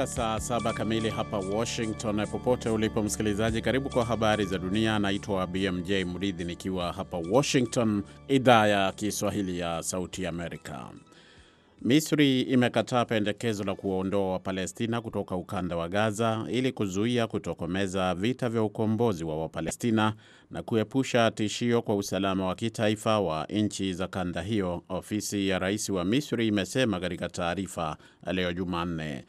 Imegonga saa saba kamili hapa Washington. Popote ulipo msikilizaji, karibu kwa habari za dunia. anaitwa BMJ Mridhi nikiwa hapa Washington, idhaa ya Kiswahili ya Sauti Amerika. Misri imekataa pendekezo la kuwaondoa Wapalestina kutoka ukanda wa Gaza ili kuzuia kutokomeza vita vya ukombozi wa Wapalestina na kuepusha tishio kwa usalama wa kitaifa wa nchi za kanda hiyo, ofisi ya rais wa Misri imesema katika taarifa leo Jumanne.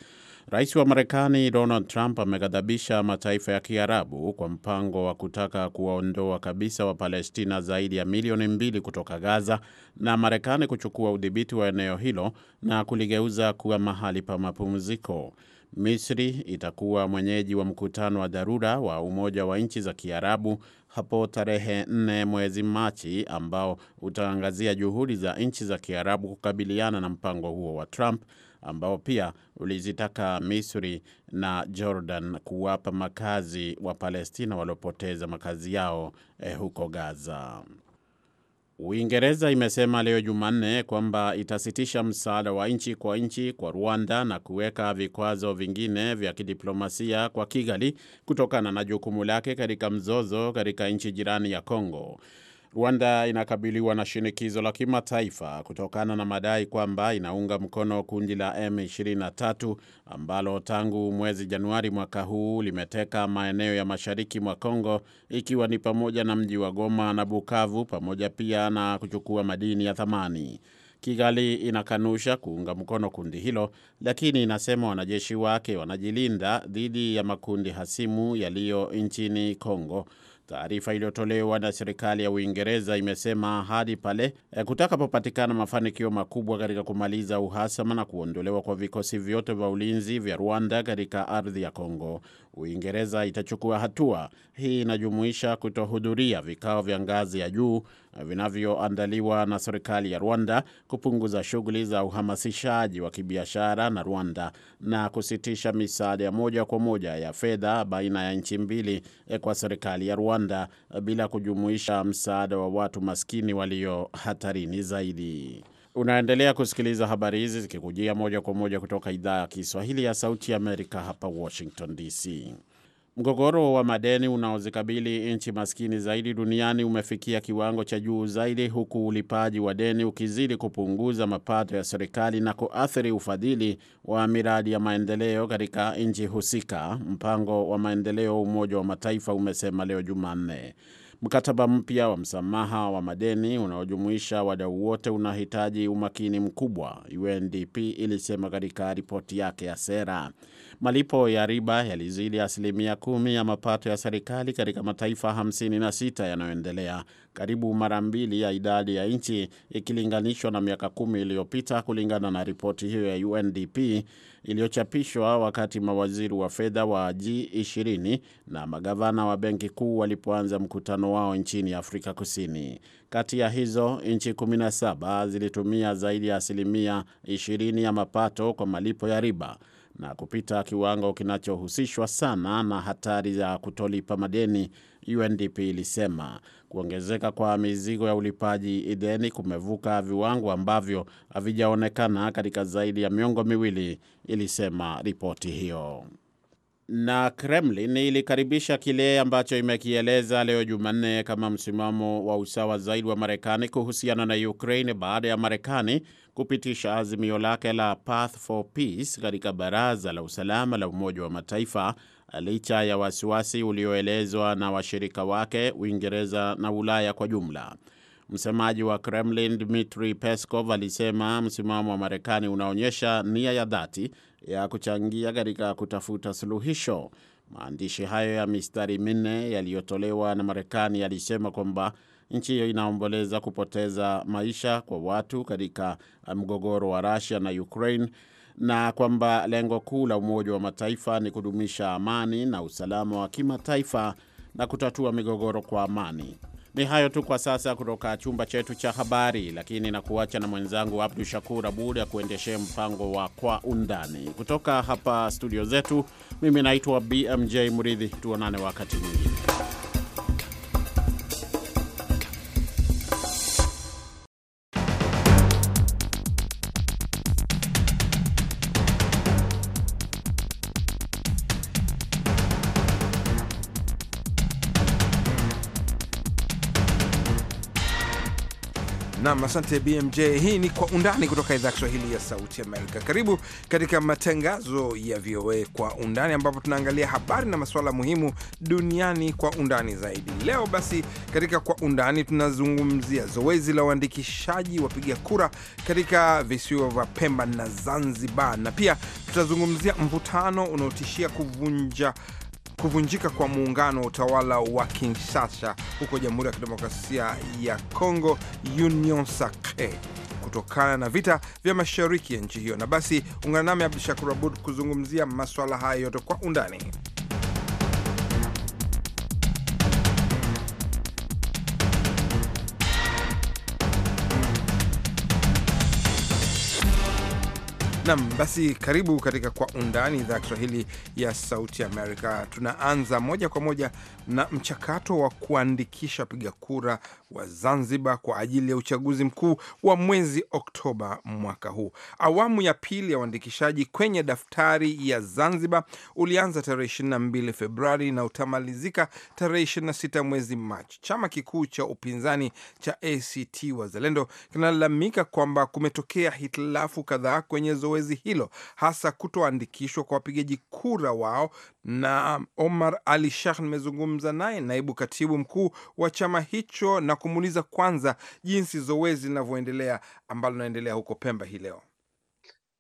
Rais wa Marekani Donald Trump amegadhabisha mataifa ya Kiarabu kwa mpango wa kutaka kuwaondoa kabisa Wapalestina zaidi ya milioni mbili kutoka Gaza na Marekani kuchukua udhibiti wa eneo hilo na kuligeuza kuwa mahali pa mapumziko. Misri itakuwa mwenyeji wa mkutano wa dharura wa Umoja wa Nchi za Kiarabu hapo tarehe nne mwezi Machi, ambao utaangazia juhudi za nchi za Kiarabu kukabiliana na mpango huo wa Trump ambao pia ulizitaka Misri na Jordan kuwapa makazi wa Palestina waliopoteza makazi yao eh, huko Gaza. Uingereza imesema leo Jumanne kwamba itasitisha msaada wa nchi kwa nchi kwa Rwanda na kuweka vikwazo vingine vya kidiplomasia kwa Kigali kutokana na jukumu lake katika mzozo katika nchi jirani ya Kongo. Rwanda inakabiliwa na shinikizo la kimataifa kutokana na madai kwamba inaunga mkono kundi la M23 ambalo tangu mwezi Januari mwaka huu limeteka maeneo ya mashariki mwa congo ikiwa ni pamoja na mji wa Goma na Bukavu pamoja pia na kuchukua madini ya thamani. Kigali inakanusha kuunga mkono kundi hilo, lakini inasema wanajeshi wake wanajilinda dhidi ya makundi hasimu yaliyo nchini congo Taarifa iliyotolewa na serikali ya Uingereza imesema hadi pale eh, kutakapopatikana mafanikio makubwa katika kumaliza uhasama na kuondolewa kwa vikosi vyote vya ulinzi vya Rwanda katika ardhi ya Kongo, Uingereza itachukua hatua. Hii inajumuisha kutohudhuria vikao vya ngazi ya juu vinavyoandaliwa na serikali ya Rwanda, kupunguza shughuli za uhamasishaji wa kibiashara na Rwanda na kusitisha misaada ya moja kwa moja ya fedha baina ya nchi mbili eh, kwa serikali ya Rwanda eh, bila kujumuisha msaada wa watu maskini walio hatarini zaidi. Unaendelea kusikiliza habari hizi zikikujia moja kwa moja kutoka idhaa ya Kiswahili ya Sauti ya Amerika, hapa Washington DC. Mgogoro wa madeni unaozikabili nchi maskini zaidi duniani umefikia kiwango cha juu zaidi, huku ulipaji wa deni ukizidi kupunguza mapato ya serikali na kuathiri ufadhili wa miradi ya maendeleo katika nchi husika, mpango wa maendeleo wa Umoja wa Mataifa umesema leo Jumanne. Mkataba mpya wa msamaha wa madeni unaojumuisha wadau wote unahitaji umakini mkubwa, UNDP ilisema katika ripoti yake ya sera. Malipo ya riba yalizidi asilimia kumi ya mapato ya serikali katika mataifa 56 yanayoendelea, karibu mara mbili ya idadi ya nchi ikilinganishwa na miaka kumi iliyopita, kulingana na ripoti hiyo ya UNDP iliyochapishwa wakati mawaziri wa fedha wa G20 na magavana wa benki kuu walipoanza mkutano wao nchini Afrika Kusini. Kati ya hizo nchi 17 zilitumia zaidi ya asilimia 20 ya mapato kwa malipo ya riba na kupita kiwango kinachohusishwa sana na hatari ya kutolipa madeni. UNDP ilisema kuongezeka kwa mizigo ya ulipaji deni kumevuka viwango ambavyo havijaonekana katika zaidi ya miongo miwili, ilisema ripoti hiyo na Kremlin ilikaribisha kile ambacho imekieleza leo Jumanne kama msimamo wa usawa zaidi wa Marekani kuhusiana na Ukraine baada ya Marekani kupitisha azimio lake la Path for Peace katika Baraza la Usalama la Umoja wa Mataifa licha ya wasiwasi ulioelezwa na washirika wake Uingereza na Ulaya kwa jumla. Msemaji wa Kremlin Dmitry Peskov alisema msimamo wa Marekani unaonyesha nia ya dhati ya kuchangia katika kutafuta suluhisho. Maandishi hayo ya mistari minne yaliyotolewa na Marekani yalisema kwamba nchi hiyo inaomboleza kupoteza maisha kwa watu katika uh, mgogoro wa rasia na Ukraine na kwamba lengo kuu la Umoja wa Mataifa ni kudumisha amani na usalama wa kimataifa na kutatua migogoro kwa amani. Ni hayo tu kwa sasa kutoka chumba chetu cha habari, lakini nakuacha na mwenzangu Abdu Shakur Abud akuendeshee mpango wa Kwa Undani kutoka hapa studio zetu. Mimi naitwa BMJ mridhi tuonane wakati mwingine. Nam, asante BMJ. Hii ni Kwa Undani kutoka idhaa ya Kiswahili ya Sauti Amerika. Karibu katika matangazo ya VOA Kwa Undani, ambapo tunaangalia habari na masuala muhimu duniani kwa undani zaidi. Leo basi, katika Kwa Undani tunazungumzia zoezi la uandikishaji wapiga kura katika visiwa vya Pemba na Zanzibar, na pia tutazungumzia mvutano unaotishia kuvunja kuvunjika kwa muungano wa utawala wa Kinshasa huko Jamhuri ya Kidemokrasia ya congo Union Sacre, kutokana na vita vya mashariki ya nchi hiyo. Na basi ungana nami Abdu Shakur Abud kuzungumzia maswala hayo yote kwa undani. Nam, basi karibu katika Kwa Undani, idhaa ya Kiswahili ya Sauti Amerika. Tunaanza moja kwa moja na mchakato wa kuandikisha wapiga kura wa Zanzibar kwa ajili ya uchaguzi mkuu wa mwezi Oktoba mwaka huu. Awamu ya pili ya uandikishaji kwenye daftari ya Zanzibar ulianza tarehe 22 Februari na utamalizika tarehe 26 mwezi Machi. Chama kikuu cha upinzani cha ACT Wazalendo kinalalamika kwamba kumetokea hitilafu kadhaa kwenye zoezi zoezi hilo, hasa kutoandikishwa kwa wapigaji kura wao. Na Omar Ali Shah nimezungumza naye, naibu katibu mkuu wa chama hicho, na kumuuliza kwanza jinsi zoezi linavyoendelea ambalo linaendelea huko Pemba hii leo.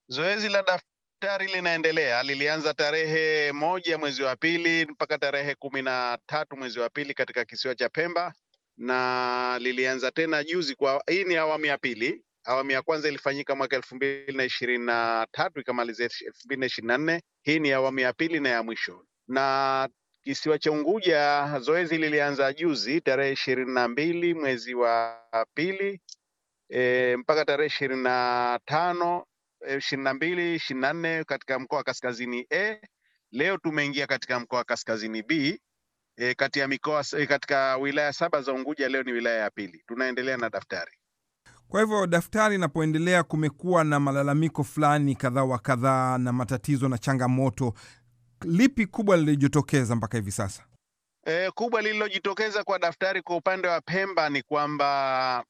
Zoezi la daftari linaendelea, lilianza tarehe moja mwezi wa pili mpaka tarehe kumi na tatu mwezi wa pili katika kisiwa cha Pemba na lilianza tena juzi. Kwa hii ni awamu ya pili Awamu ya kwanza ilifanyika mwaka elfu mbili na ishirini na tatu ikamalizia elfu mbili na ishirini na nne Hii ni awamu ya pili na ya mwisho. Na kisiwa cha Unguja zoezi lilianza juzi tarehe ishirini na mbili mwezi wa pili e, mpaka tarehe ishirini na tano e, ishirini na mbili ishirini na nne katika mkoa wa Kaskazini A. Leo tumeingia katika mkoa wa Kaskazini B. E, kati ya mikoa e, katika wilaya saba za Unguja leo ni wilaya ya pili. Tunaendelea na daftari. Kwa hivyo daftari inapoendelea, kumekuwa na malalamiko fulani kadha wa kadhaa na matatizo na changamoto. Lipi kubwa lilijitokeza mpaka hivi sasa? E, kubwa lililojitokeza kwa daftari kwa upande wa Pemba ni kwamba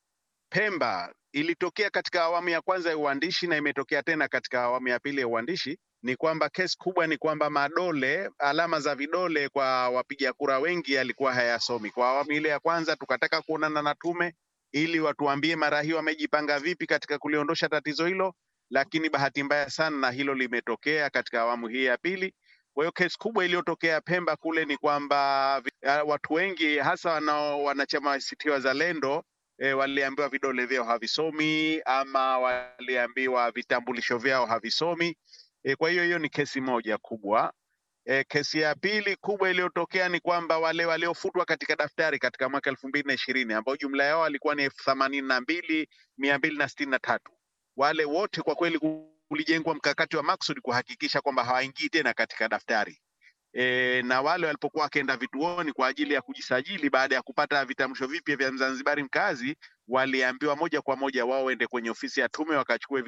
Pemba ilitokea katika awamu ya kwanza ya uandishi na imetokea tena katika awamu ya pili ya uandishi. Ni kwamba kesi kubwa ni kwamba madole, alama za vidole kwa wapiga kura wengi yalikuwa hayasomi. Kwa awamu ile ya kwanza tukataka kuonana na tume, ili watuambie mara hii wamejipanga vipi katika kuliondosha tatizo hilo, lakini bahati mbaya sana na hilo limetokea katika awamu hii ya pili. Kwa hiyo kesi kubwa iliyotokea Pemba kule ni kwamba eh, watu wengi hasa wanao wanachama ACT Wazalendo e, waliambiwa vidole vyao havisomi ama waliambiwa vitambulisho vyao havisomi e, kwa hiyo hiyo ni kesi moja kubwa E, kesi ya pili kubwa iliyotokea ni kwamba wale waliofutwa katika daftari katika mwaka elfu mbili na ishirini ambao jumla yao walikuwa ni elfu themanini na mbili mia mbili na sitini na tatu wale wote kwa kweli kulijengwa mkakati wa maksudi kuhakikisha kwamba hawaingii tena katika daftari. E, na wale walipokuwa wakienda vituoni kwa ajili ya kujisajili baada ya kupata vitambulisho vipya vya Mzanzibari mkazi, waliambiwa moja kwa moja wao waende kwenye ofisi ya tume wakachukue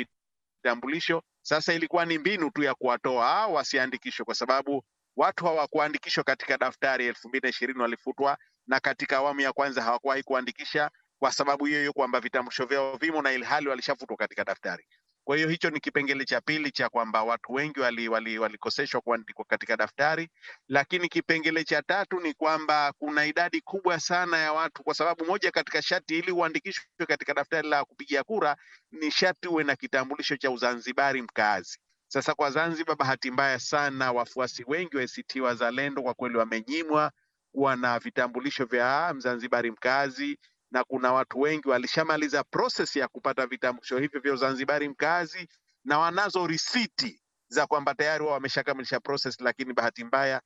vitambulisho. Sasa ilikuwa ni mbinu tu ya kuwatoa wasiandikishwe, kwa sababu watu hawakuandikishwa katika daftari elfu mbili na ishirini walifutwa, na katika awamu ya kwanza hawakuwahi kuandikisha kwa sababu hiyo hiyo kwamba vitambulisho vyao vimo na ilhali walishafutwa katika daftari. Kwa hiyo hicho ni kipengele cha pili cha kwamba watu wengi walikoseshwa wali, wali kuandikwa katika daftari, lakini kipengele cha tatu ni kwamba kuna idadi kubwa sana ya watu, kwa sababu moja katika shati ili uandikishwe katika daftari la kupigia kura ni shati uwe na kitambulisho cha Uzanzibari mkaazi. Sasa kwa Zanzibar, bahati mbaya sana, wafuasi wengi wa ACT Wazalendo kwa kweli wamenyimwa kuwa na vitambulisho vya mzanzibari mkazi na kuna watu wengi walishamaliza proses ya kupata vitambulisho hivyo vya Uzanzibari mkazi na wanazo risiti za kwamba tayari wao wameshakamilisha proses, lakini bahati mbaya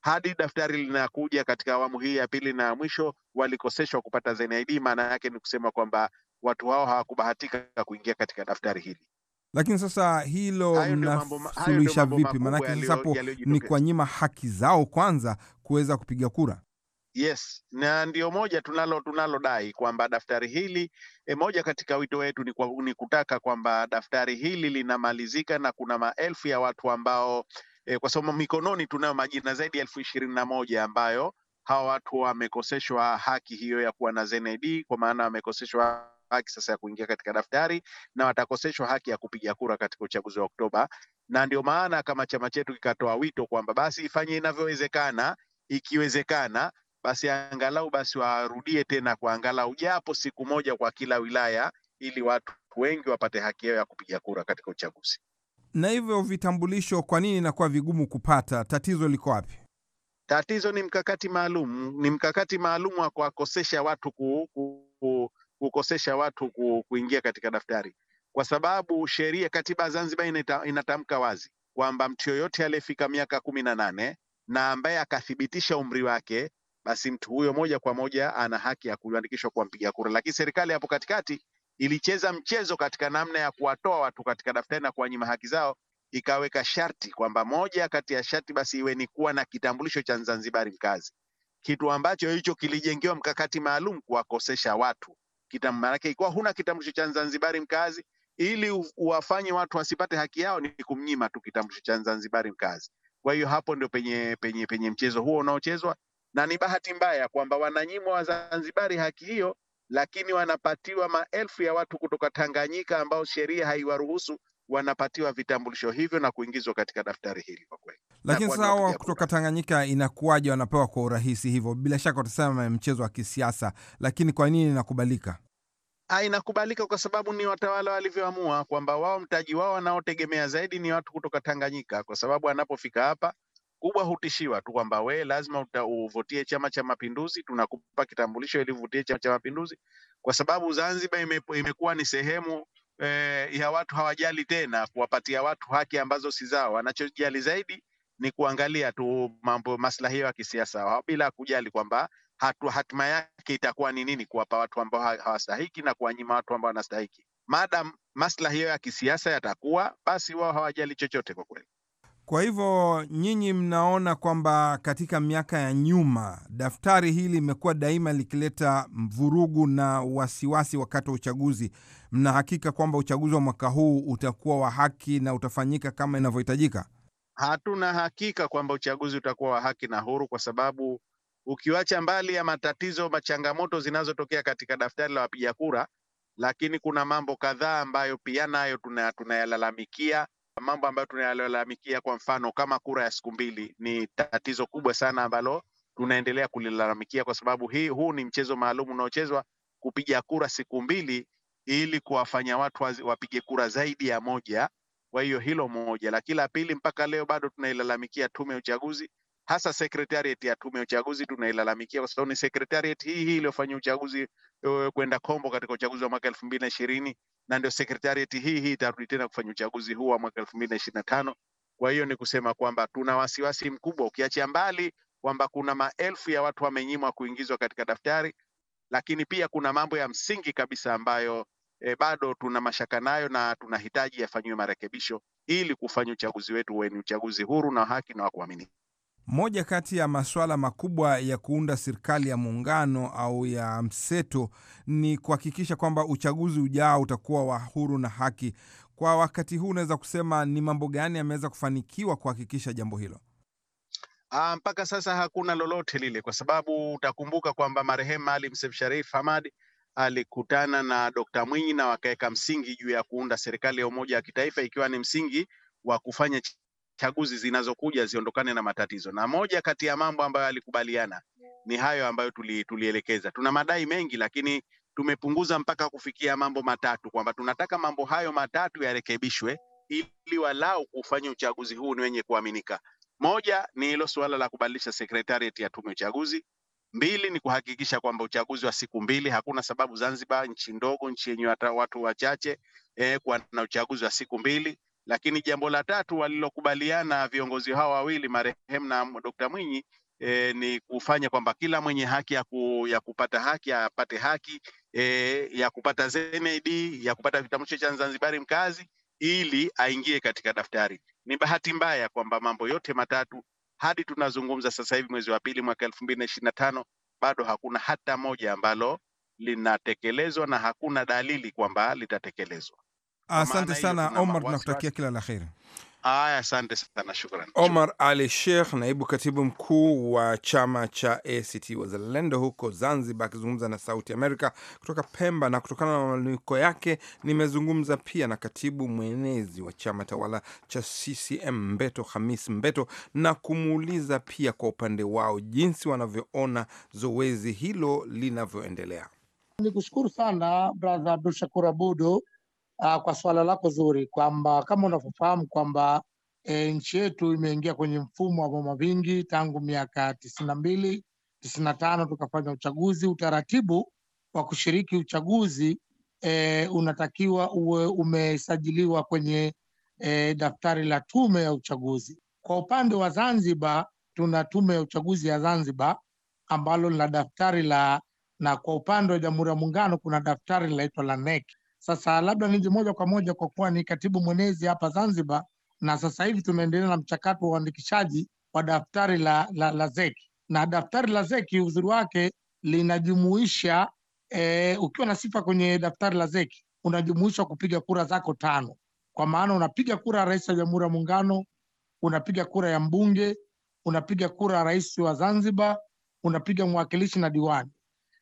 hadi daftari linakuja katika awamu hii ya pili na ya mwisho walikoseshwa kupata ZNID. Maana yake ni kusema kwamba watu hao hawakubahatika kuingia katika daftari hili. Lakini sasa hilo mnasuluhisha vipi? Maanake sasa hapo ni kwa nyima haki zao kwanza kuweza kupiga kura. Yes, na ndio moja tunalo tunalodai kwamba daftari hili e, moja katika wito wetu ni, kwa, ni kutaka kwamba daftari hili linamalizika na kuna maelfu ya watu ambao e, kwa sababu mikononi tunayo majina zaidi ya elfu ishirini na moja ambayo hawa watu wamekoseshwa haki hiyo ya kuwa na ZND kwa maana wamekoseshwa haki sasa ya kuingia katika daftari na watakoseshwa haki ya kupiga kura katika uchaguzi wa Oktoba, na ndio maana kama chama chetu kikatoa wito kwamba basi ifanye inavyowezekana ikiwezekana basi angalau basi warudie tena kwa angalau japo siku moja kwa kila wilaya, ili watu wengi wapate haki yao ya kupiga kura katika uchaguzi. Na hivyo vitambulisho, kwa nini inakuwa vigumu kupata? Tatizo liko wapi? Tatizo ni mkakati maalum, ni mkakati maalum wa kuwakosesha watu ku, ku, kukosesha watu ku, kuingia katika daftari, kwa sababu sheria, katiba ya Zanzibar inata, inatamka wazi kwamba mtu yoyote aliyefika miaka kumi na nane na ambaye akathibitisha umri wake basi mtu huyo moja kwa moja ana haki ya kuandikishwa kuwa mpiga kura. Lakini serikali hapo katikati ilicheza mchezo katika namna ya kuwatoa watu katika daftari na kuwanyima haki zao, ikaweka sharti kwamba moja kati ya sharti basi iwe ni kuwa na kitambulisho cha Zanzibari mkazi, kitu ambacho hicho kilijengewa mkakati maalum kuwakosesha watu kitambulisho. Maanake ikiwa huna kitambulisho cha Zanzibari mkazi, ili uwafanye watu wasipate haki yao ni kumnyima tu kitambulisho cha Zanzibari mkazi. Kwa hiyo hapo ndio penye, penye, penye mchezo huo unaochezwa na ni bahati mbaya kwamba wananyimwa Wazanzibari haki hiyo, lakini wanapatiwa maelfu ya watu kutoka Tanganyika ambao sheria haiwaruhusu wanapatiwa vitambulisho hivyo na kuingizwa katika daftari hili kwa kweli. Lakini sasa hawa kutoka Tanganyika inakuwaje wanapewa kwa urahisi hivyo? Bila shaka utasema mchezo wa kisiasa, lakini kwa nini inakubalika? Ha, ah, inakubalika kwa sababu ni watawala walivyoamua kwamba wao mtaji wao wanaotegemea zaidi ni watu kutoka Tanganyika, kwa sababu anapofika hapa kubwa hutishiwa tu kwamba we lazima uvutie Chama cha Mapinduzi, tunakupa kitambulisho ili uvutie Chama cha Mapinduzi, kwa sababu Zanzibar ime, imekuwa ni sehemu e, ya watu hawajali tena kuwapatia watu haki ambazo si zao. Wanachojali zaidi ni kuangalia tu mambo maslahi ya kisiasa bila kujali kwamba hatu, hatima yake itakuwa ni nini kuwapa watu ambao hawastahiki na kuwanyima watu ambao wanastahiki. Madam maslahi ya kisiasa yatakuwa, basi wao hawajali chochote kwa kweli. Kwa hivyo nyinyi mnaona kwamba katika miaka ya nyuma daftari hili limekuwa daima likileta mvurugu na wasiwasi wakati wa uchaguzi. Mna hakika kwamba uchaguzi wa mwaka huu utakuwa wa haki na utafanyika kama inavyohitajika? Hatuna hakika kwamba uchaguzi utakuwa wa haki na huru, kwa sababu ukiwacha mbali ya matatizo machangamoto zinazotokea katika daftari la wapiga kura, lakini kuna mambo kadhaa ambayo pia nayo tunayalalamikia mambo ambayo tunayalalamikia, kwa mfano kama kura ya siku mbili, ni tatizo kubwa sana ambalo tunaendelea kulilalamikia, kwa sababu hii, huu ni mchezo maalum unaochezwa kupiga kura siku mbili ili kuwafanya watu wapige kura zaidi ya moja. Kwa hiyo hilo moja, lakini la pili, mpaka leo bado tunailalamikia tume ya uchaguzi hasa sekretariat ya tume ya uchaguzi tunailalamikia kwa sababu ni sekretariat hii hii iliyofanya uchaguzi uh, kwenda kombo katika uchaguzi wa mwaka elfu mbili na ishirini na ndio sekretariat hii hii itarudi tena kufanya uchaguzi huu wa mwaka elfu mbili na ishirini na tano. Kwa hiyo ni kusema kwamba tuna wasiwasi mkubwa, ukiachia mbali kwamba kuna maelfu ya watu wamenyimwa kuingizwa katika daftari, lakini pia kuna mambo ya msingi kabisa ambayo e, bado tuna mashaka nayo na tunahitaji yafanyiwe marekebisho ili kufanya uchaguzi wetu uwe ni uchaguzi huru na haki na wa kuaminika. Moja kati ya masuala makubwa ya kuunda serikali ya muungano au ya mseto ni kuhakikisha kwamba uchaguzi ujao utakuwa wa huru na haki. Kwa wakati huu unaweza kusema ni mambo gani yameweza kufanikiwa kuhakikisha jambo hilo? Aa, ah, mpaka sasa hakuna lolote lile, kwa sababu utakumbuka kwamba marehemu Ali Msef Sharif Hamad alikutana na Dr. Mwinyi na wakaweka msingi juu ya kuunda serikali ya umoja wa kitaifa, ikiwa ni msingi wa kufanya chaguzi zinazokuja ziondokane na matatizo, na moja kati ya mambo ambayo alikubaliana ni hayo ambayo tuli, tulielekeza. Tuna madai mengi, lakini tumepunguza mpaka kufikia mambo matatu, kwamba tunataka mambo hayo matatu yarekebishwe ili walau kufanya uchaguzi huu ni wenye kuaminika. Moja ni hilo suala la kubadilisha sekretarieti ya tume uchaguzi. Mbili ni kuhakikisha kwamba uchaguzi wa siku mbili, hakuna sababu Zanzibar, nchi ndogo, nchi yenye watu wachache, eh, kuwa na uchaguzi wa siku mbili. Lakini jambo la tatu walilokubaliana viongozi hawa wawili marehemu na Dkt. Mwinyi E, ni kufanya kwamba kila mwenye haki ya, ku, ya kupata haki apate haki e, ya kupata ZNID ya kupata kitambulisho cha Zanzibari mkazi ili aingie katika daftari. Ni bahati mbaya kwamba mambo yote matatu hadi tunazungumza sasa hivi mwezi wa pili mwaka elfu mbili na ishirini na tano bado hakuna hata moja ambalo linatekelezwa na hakuna dalili kwamba litatekelezwa. Asante sana Omar, tunakutakia kila la kheri. Haya, asante sana, shukran. Omar Ali Sheikh, naibu katibu mkuu wa chama cha ACT Wazalendo huko Zanzibar, akizungumza na Sauti Amerika kutoka Pemba. Na kutokana na malalamiko yake, nimezungumza pia na katibu mwenezi wa chama tawala cha CCM Mbeto Hamis Mbeto, na kumuuliza pia kwa upande wao jinsi wanavyoona zoezi hilo linavyoendelea. ni kushukuru sana brother Abdul Shakur Abudu uh, kwa swala lako zuri kwamba kama unavyofahamu kwamba e, nchi yetu imeingia kwenye mfumo wa vyama vingi tangu miaka tisini na mbili tisini na tano tukafanya uchaguzi. Utaratibu wa kushiriki uchaguzi e, unatakiwa uwe umesajiliwa kwenye e, daftari la tume ya uchaguzi. Kwa upande wa Zanzibar tuna tume ya uchaguzi ya Zanzibar ambalo lina daftari la na kwa upande wa Jamhuri ya Muungano kuna daftari linaitwa la NEC. Sasa labda nije moja kwa moja kwa kuwa ni katibu mwenezi hapa Zanzibar, na sasa hivi tunaendelea na mchakato wa uandikishaji wa daftari la, la, la zeki na daftari la zeki uzuri wake linajumuisha e, ukiwa na sifa kwenye daftari la zeki unajumuishwa kupiga kura zako tano, kwa maana unapiga kura rais wa Jamhuri ya Muungano, unapiga kura ya mbunge, unapiga kura rais wa Zanzibar, unapiga mwakilishi na diwani.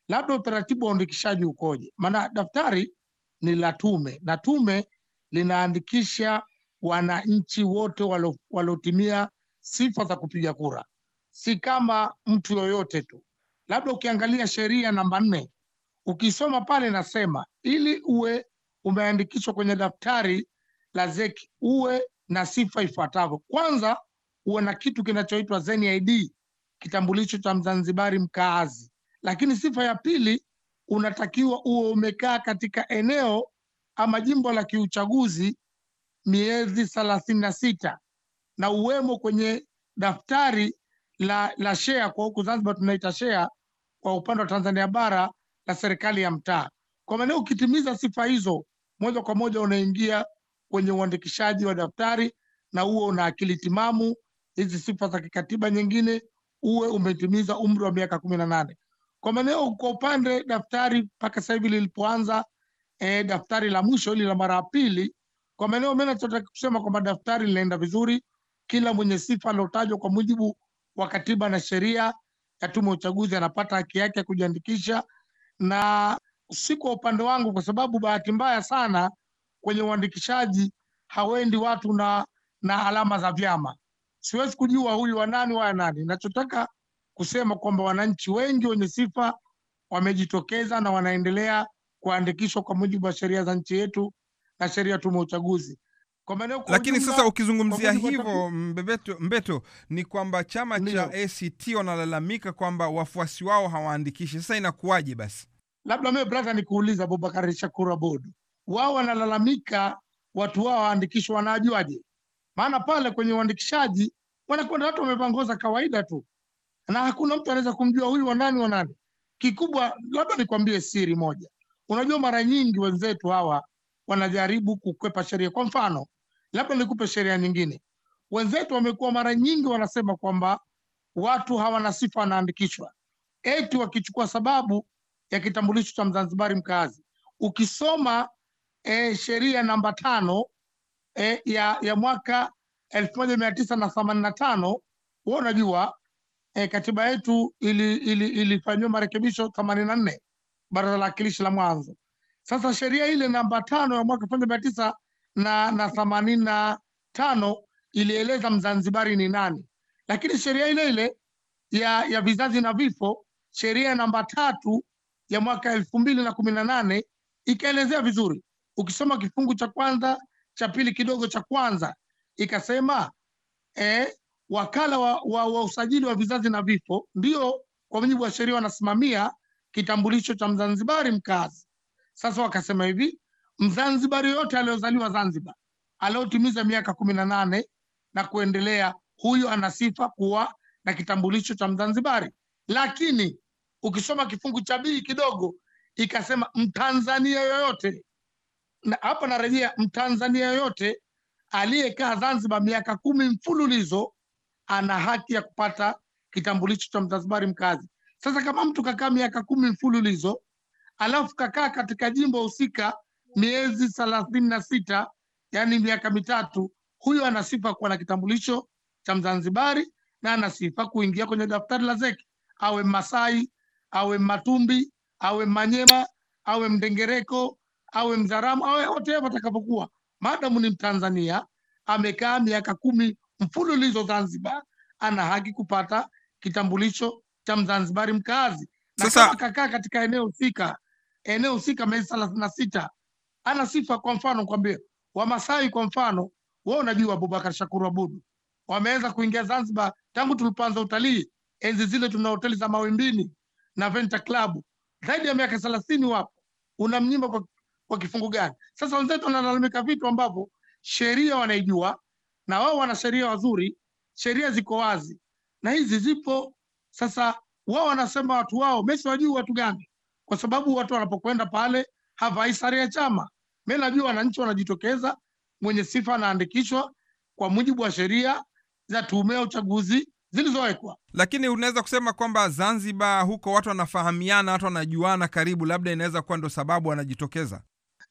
Labda utaratibu wa uandikishaji ukoje? Maana daftari ni la tume, na tume linaandikisha wananchi wote waliotimia sifa za kupiga kura, si kama mtu yoyote tu. Labda ukiangalia sheria namba nne, ukisoma pale nasema, ili uwe umeandikishwa kwenye daftari la ZEC uwe na sifa ifuatavyo. Kwanza, uwe na kitu kinachoitwa ZenID, kitambulisho cha Mzanzibari mkaazi. Lakini sifa ya pili unatakiwa uwe umekaa katika eneo ama jimbo la kiuchaguzi miezi thelathini na sita na uwemo kwenye daftari la, la shea kwa huku Zanzibar tunaita shea kwa upande wa Tanzania bara la serikali ya mtaa. Kwa maana ukitimiza sifa hizo, moja kwa moja unaingia kwenye uandikishaji wa daftari na uwe una akili timamu, hizi sifa za kikatiba nyingine, uwe umetimiza umri wa miaka kumi na nane. Kwa maneo kwa upande daftari mpaka sasa hivi lilipoanza e, daftari la mwisho hili la mara ya pili, kwa maneo mimi nachotaka kusema kwamba daftari linaenda vizuri. Kila mwenye sifa aliotajwa kwa mujibu wa katiba na sheria ya tume ya uchaguzi anapata haki yake ya kujiandikisha, na si kwa upande wangu, kwa sababu bahati mbaya sana kwenye uandikishaji hawendi watu na na alama za vyama. Siwezi kujua huyu wa nani wa nani. Nachotaka kusema kwamba wananchi wengi wenye sifa wamejitokeza na wanaendelea kuandikishwa kwa mujibu wa sheria za nchi yetu na sheria tume uchaguzi. Lakini sasa ukizungumzia hivyo mbebeto, Mbeto, ni kwamba chama cha ACT wanalalamika kwamba wafuasi wao hawaandikishi. Sasa inakuwaje basi? Labda mimi brother nikuuliza, Abubakar Shakur Aboud, wao wanalalamika watu wao waandikishwa, wanajuaje? Maana pale kwenye uandikishaji wanakwenda watu wamevaa nguo za kawaida tu, na hakuna mtu anaweza kumjua huyu wanani wanani Kikubwa labda nikwambie siri moja, unajua mara nyingi wenzetu hawa wanajaribu kukwepa sheria. Kwa mfano, labda nikupe sheria nyingine. Wenzetu wamekuwa mara nyingi wanasema kwamba watu hawana sifa wanaandikishwa, eti wakichukua sababu ya kitambulisho cha Mzanzibari mkazi Ukisoma e, sheria namba tano e, ya, ya mwaka elfu moja mia tisa na themanini na tano wa unajua e, katiba yetu ilifanyiwa ili, ili marekebisho themanini na nne baraza la wakilishi la mwanzo. Sasa sheria ile namba tano ya mwaka elfu moja mia tisa na themanini na tano ilieleza mzanzibari ni nani, lakini sheria ile ile ya, ya vizazi na vifo, sheria namba tatu ya mwaka elfu mbili na kumi na nane ikaelezea vizuri. Ukisoma kifungu cha kwanza cha pili kidogo cha kwanza ikasema eh, wakala wa, wa, wa usajili wa vizazi na vifo ndio kwa mujibu wa sheria wanasimamia kitambulisho cha mzanzibari mkazi. Sasa wakasema hivi, mzanzibari yoyote aliyozaliwa Zanzibar aliyotimiza miaka kumi na nane na kuendelea, huyo ana sifa kuwa na kitambulisho cha mzanzibari. Lakini ukisoma kifungu cha bii kidogo, ikasema mtanzania yoyote, na hapa narejea, mtanzania yoyote aliyekaa Zanzibar miaka kumi mfululizo ana haki ya kupata kitambulisho cha Mzanzibari mkazi. Sasa kama mtu kakaa miaka kumi mfululizo alafu kakaa katika jimbo husika miezi thelathini na sita yaani miaka mitatu, huyo ana sifa kuwa na kitambulisho cha Mzanzibari na ana sifa kuingia kwenye daftari la zeki awe Masai awe Matumbi awe Manyema awe Mdengereko awe mdharamu awe wote atakapokuwa, madamu ni Mtanzania amekaa miaka kumi mfululizo Zanzibar ana haki kupata kitambulisho cha Mzanzibari mkazi na kama kakaa katika eneo husika eneo husika miezi thelathini na sita ana sifa. Kwa mfano kwambie Wamasai kwa mfano wao, unajua Abubakar Shakuru Abudu wameweza kuingia Zanzibar tangu tulipoanza utalii, enzi zile tuna hoteli za Mawimbini na Venta Club, zaidi ya miaka thelathini wapo. Unamnyima kwa, kwa kifungu gani? Sasa wenzetu wanalalamika vitu ambavyo sheria wanaijua, na wao wana sheria wazuri, sheria ziko wazi na hizi zipo. Sasa wao wanasema watu wao, mesi wajui watu gani, kwa sababu watu wanapokwenda pale havai sare ya chama. Mimi najua wananchi wanajitokeza, mwenye sifa anaandikishwa kwa mujibu wa sheria za tume ya uchaguzi zilizowekwa. Lakini unaweza kusema kwamba Zanzibar huko watu wanafahamiana, watu wanajuana karibu, labda inaweza kuwa ndo sababu wanajitokeza.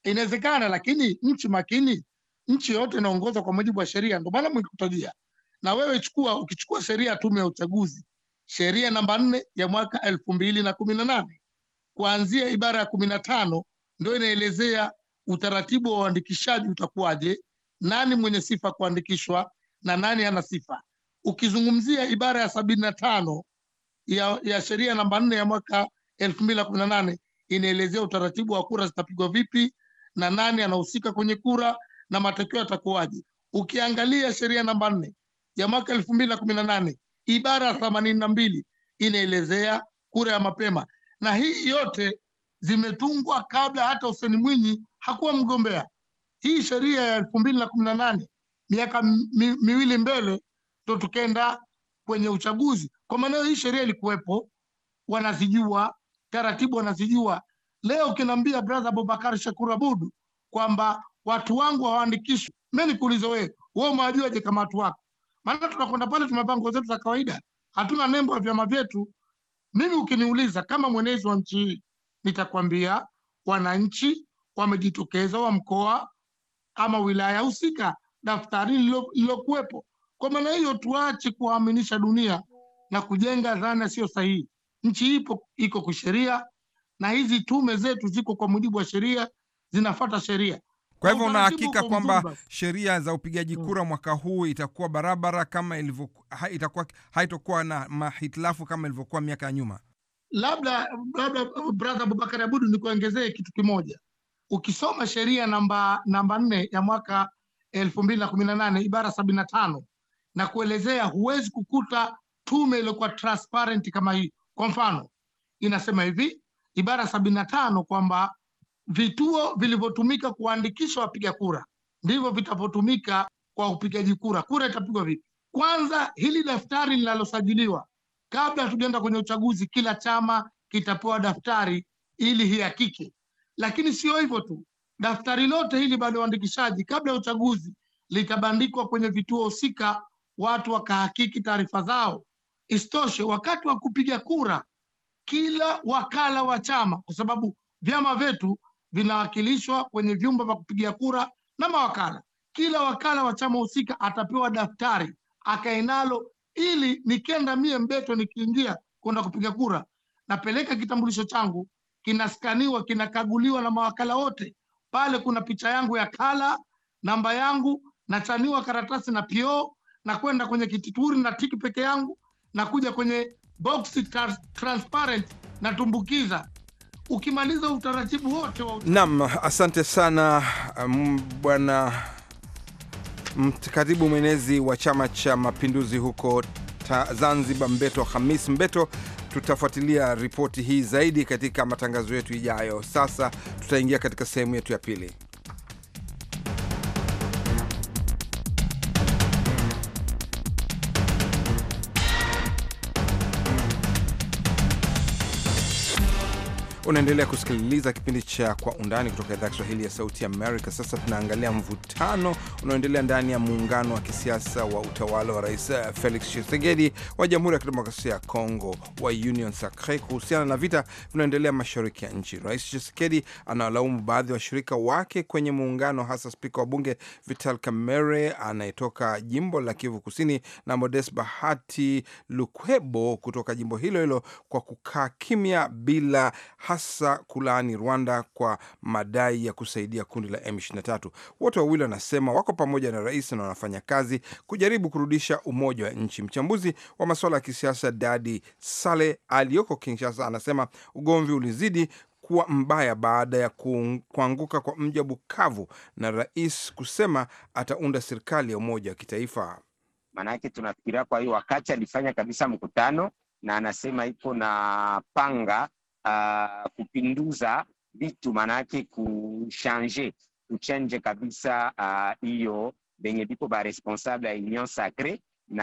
Inawezekana, lakini nchi makini nchi yoyote inaongozwa kwa mujibu wa sheria. Ndio maana mwikutajia na wewe chukua, ukichukua sheria ya tume ya uchaguzi, sheria namba nne ya mwaka elfu mbili na kumi na nane kuanzia ibara ya kumi na tano ndio inaelezea utaratibu wa uandikishaji utakuwaje, nani mwenye sifa kuandikishwa na nani ana sifa. Ukizungumzia ibara ya sabini na tano ya, ya sheria namba nne ya mwaka elfu mbili na kumi na nane inaelezea utaratibu wa kura zitapigwa vipi na nani anahusika kwenye kura na matokeo yatakuwaje? Ukiangalia sheria namba nne ya mwaka elfu mbili na kumi na nane ibara ya themanini na mbili inaelezea kura ya mapema, na hii yote zimetungwa kabla hata Hussein Mwinyi hakuwa mgombea. Hii sheria ya elfu mbili na kumi na nane miaka mi, miwili mbele ndo tukenda kwenye uchaguzi. Kwa maana hii sheria ilikuwepo, wanazijua taratibu, wanazijua. Leo ukiniambia brother Abubakar Shakur Abudu kwamba watu wangu hawaandikishwi. Mi nikuulize wewe, wewe umewajuaje kama watu wako? Maana tunakwenda pale, tuna bango zetu za kawaida, hatuna nembo ya vyama vyetu. Mimi ukiniuliza kama mwenezi wa nchi hii, nitakwambia wananchi wamejitokeza wa mkoa ama wilaya husika, daftari lililokuwepo. Kwa maana hiyo, tuache kuwaaminisha dunia na kujenga dhana siyo sahihi. Nchi ipo iko kisheria, na hizi tume zetu ziko kwa mujibu wa sheria, zinafata sheria. Kwa hivyo unahakika hakika kwamba sheria za upigaji mm. kura mwaka huu itakuwa barabara kama ilivyo, itakuwa haitokuwa na mahitilafu kama ilivyokuwa miaka ya nyuma? Labda labda brother Abubakar Abudu, nikuongezee kitu kimoja. Ukisoma sheria namba namba nne ya mwaka elfu mbili na kumi na nane ibara sabini na tano na kuelezea, huwezi kukuta tume iliyokuwa transparent kama hii. Kwa mfano inasema hivi ibara sabini na tano kwamba vituo vilivyotumika kuandikisha wapiga kura ndivyo vitavyotumika kwa upigaji kura. Kura itapigwa vipi? Kwanza, hili daftari linalosajiliwa kabla hatujaenda kwenye uchaguzi, kila chama kitapewa daftari ili hihakike. Lakini sio hivyo tu, daftari lote hili baada ya uandikishaji, kabla ya uchaguzi, litabandikwa kwenye vituo husika, watu wakahakiki taarifa zao. Isitoshe, wakati wa kupiga kura, kila wakala wa chama, kwa sababu vyama vyetu vinawakilishwa kwenye vyumba vya kupigia kura na mawakala. Kila wakala wa chama husika atapewa daftari akae nalo, ili nikenda mie Mbeto, nikiingia kwenda kupiga kura, napeleka kitambulisho changu, kinaskaniwa, kinakaguliwa na mawakala wote. Pale kuna picha yangu ya kala, namba yangu, nachaniwa karatasi na po na kwenda kwenye kitituri na tiki peke yangu, na kuja kwenye boxi transparent, natumbukiza ukimaliza utaratibu wote wa naam. Asante sana um, bwana katibu mwenezi wa Chama cha Mapinduzi huko Zanzibar, Mbeto Hamis Mbeto. Tutafuatilia ripoti hii zaidi katika matangazo yetu ijayo. Sasa tutaingia katika sehemu yetu ya pili. Unaendelea kusikiliza kipindi cha Kwa Undani kutoka idhaa Kiswahili ya Sauti Amerika. Sasa tunaangalia mvutano unaoendelea ndani ya muungano wa kisiasa wa utawala wa Rais Felix Tshisekedi wa Jamhuri ya Kidemokrasia ya Kongo wa Union Sacre kuhusiana na vita vinaoendelea mashariki ya nchi. Rais Tshisekedi anawalaumu baadhi ya wa washirika wake kwenye muungano, hasa spika wa bunge Vital Kamerhe anayetoka jimbo la Kivu Kusini na Modest Bahati Lukwebo kutoka jimbo hilo hilo kwa kukaa kimya bila hasa kulaani Rwanda kwa madai ya kusaidia kundi la M23. Wote wawili wanasema wako pamoja na rais na wanafanya kazi kujaribu kurudisha umoja wa nchi. Mchambuzi wa masuala ya kisiasa Dadi Sale aliyoko Kinshasa anasema ugomvi ulizidi kuwa mbaya baada ya kuanguka kwa mji wa Bukavu na rais kusema ataunda serikali ya umoja wa kitaifa. Maanake tunafikiria, kwa hiyo wakati alifanya kabisa mkutano na anasema iko na panga uh, kupinduza vitu, maanake kushanje tuchenje kabisa uh, hiyo uh, venye viko ba responsable ya union sacre, na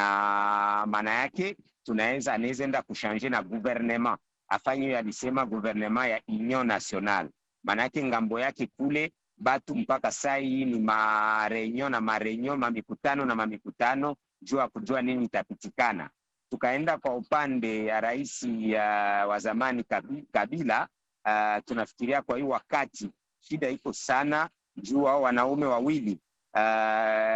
maana yake tunaweza anaezaenda kushanje na gouvernement afanye hiyo, alisema gouvernement ya union nationale, maanake ngambo yake kule batu mpaka saa hii ni mareunion na mareunion, mamikutano na mamikutano, juu ya kujua nini itapitikana Tukaenda kwa upande ya rais wa zamani Kabila. Uh, tunafikiria kwa hii wakati shida iko sana juu hao wanaume wawili uh,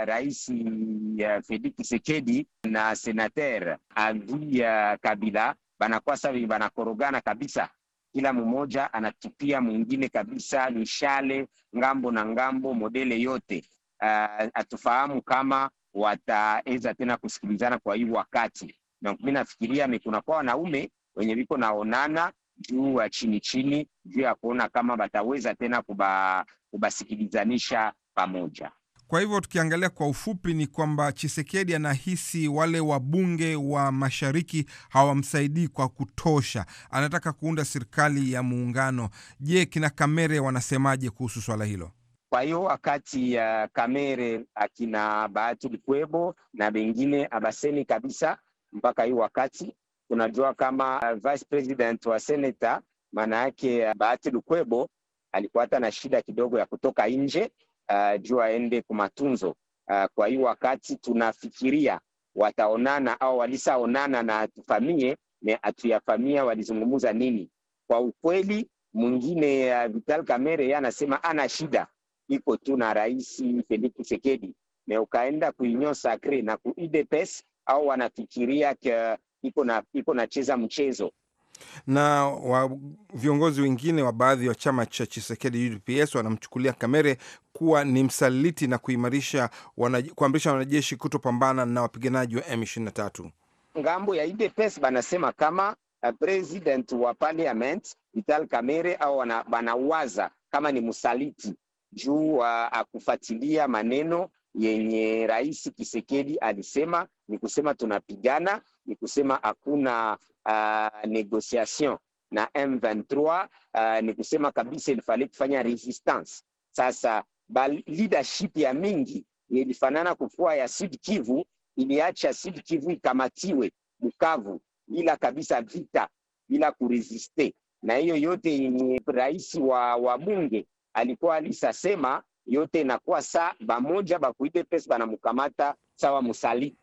rais uh, Felix Tshisekedi na senater Andry Kabila banakuwa sabi banakorogana kabisa, kila mmoja anatupia mwingine kabisa mishale ngambo na ngambo, modele yote uh, ah, atufahamu kama wataweza tena kusikilizana kwa hii wakati na mimi nafikiria kwa wanaume wenye viko naonana juu ya chini chini juu ya kuona kama bataweza tena kuba, kubasikilizanisha pamoja. Kwa hivyo tukiangalia kwa ufupi ni kwamba Chisekedi anahisi wale wabunge wa mashariki hawamsaidii kwa kutosha, anataka kuunda serikali ya muungano. Je, kina Kamere wanasemaje kuhusu swala hilo? Kwa hiyo wakati ya uh, Kamere akina Bahati Likwebo na bengine abasemi kabisa mpaka hii wakati. Unajua kama uh, vice president wa senata, maana yake uh, Bahati Lukwebo alikuwa hata na shida kidogo ya kutoka nje uh, juu aende matunzo uh, kwa hii wakati tunafikiria wataonana au walisaonana na atufamie ne atuyafamia walizungumza nini. Kwa ukweli mwingine uh, Vital Kamerhe yeye anasema ana shida iko tu na Rais Felix Tshisekedi ne ukaenda kuinyo sakre na kuidepes au wanafikiria iko na iko nacheza mchezo na wa viongozi wengine wa baadhi ya chama cha Chisekedi UDPS wanamchukulia Kamere kuwa ni msaliti na kuimarisha kuamrisha wanajeshi kutopambana na wapiganaji wa M23. Ngambo ya UDPS banasema kama eh, president wa parliament Vital Kamere au banawaza kama ni msaliti juu ah, akufuatilia maneno yenye Rais Kisekedi alisema ni kusema tunapigana, ni kusema hakuna uh, ah, negociation na M23 uh, ni kusema kabisa ilifale kufanya resistance. Sasa ba leadership ya mingi ilifanana kukua ya Sud Kivu, iliacha Sud Kivu ikamatiwe Bukavu bila kabisa vita, bila kuresiste, na hiyo yote yenye rais wa, wa bunge alikuwa alisasema yote inakuwa saa bamoja bakuibe pesa banamukamata sawa musaliti.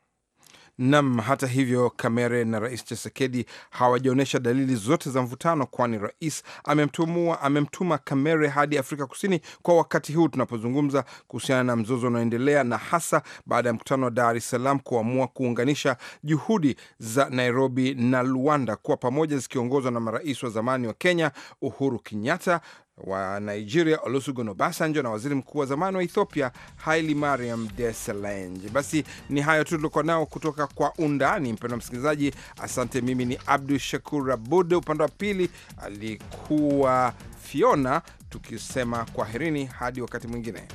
Nam, hata hivyo, Kamere na Rais Chisekedi hawajaonyesha dalili zote za mvutano, kwani rais amemtumua amemtuma Kamere hadi Afrika Kusini kwa wakati huu tunapozungumza kuhusiana na mzozo unaoendelea, na hasa baada ya mkutano wa Dar es Salaam kuamua kuunganisha juhudi za Nairobi na Luanda kuwa pamoja, zikiongozwa na marais wa zamani wa Kenya Uhuru Kenyatta wa Nigeria Olusegun Obasanjo na waziri mkuu wa zamani wa Ethiopia Haile Mariam Desalegn. Basi ni hayo tu tuliokuwa nao kutoka kwa undani. Mpendwa msikilizaji, asante. Mimi ni Abdu Shakur Abud, upande wa pili alikuwa Fiona, tukisema kwaherini hadi wakati mwingine.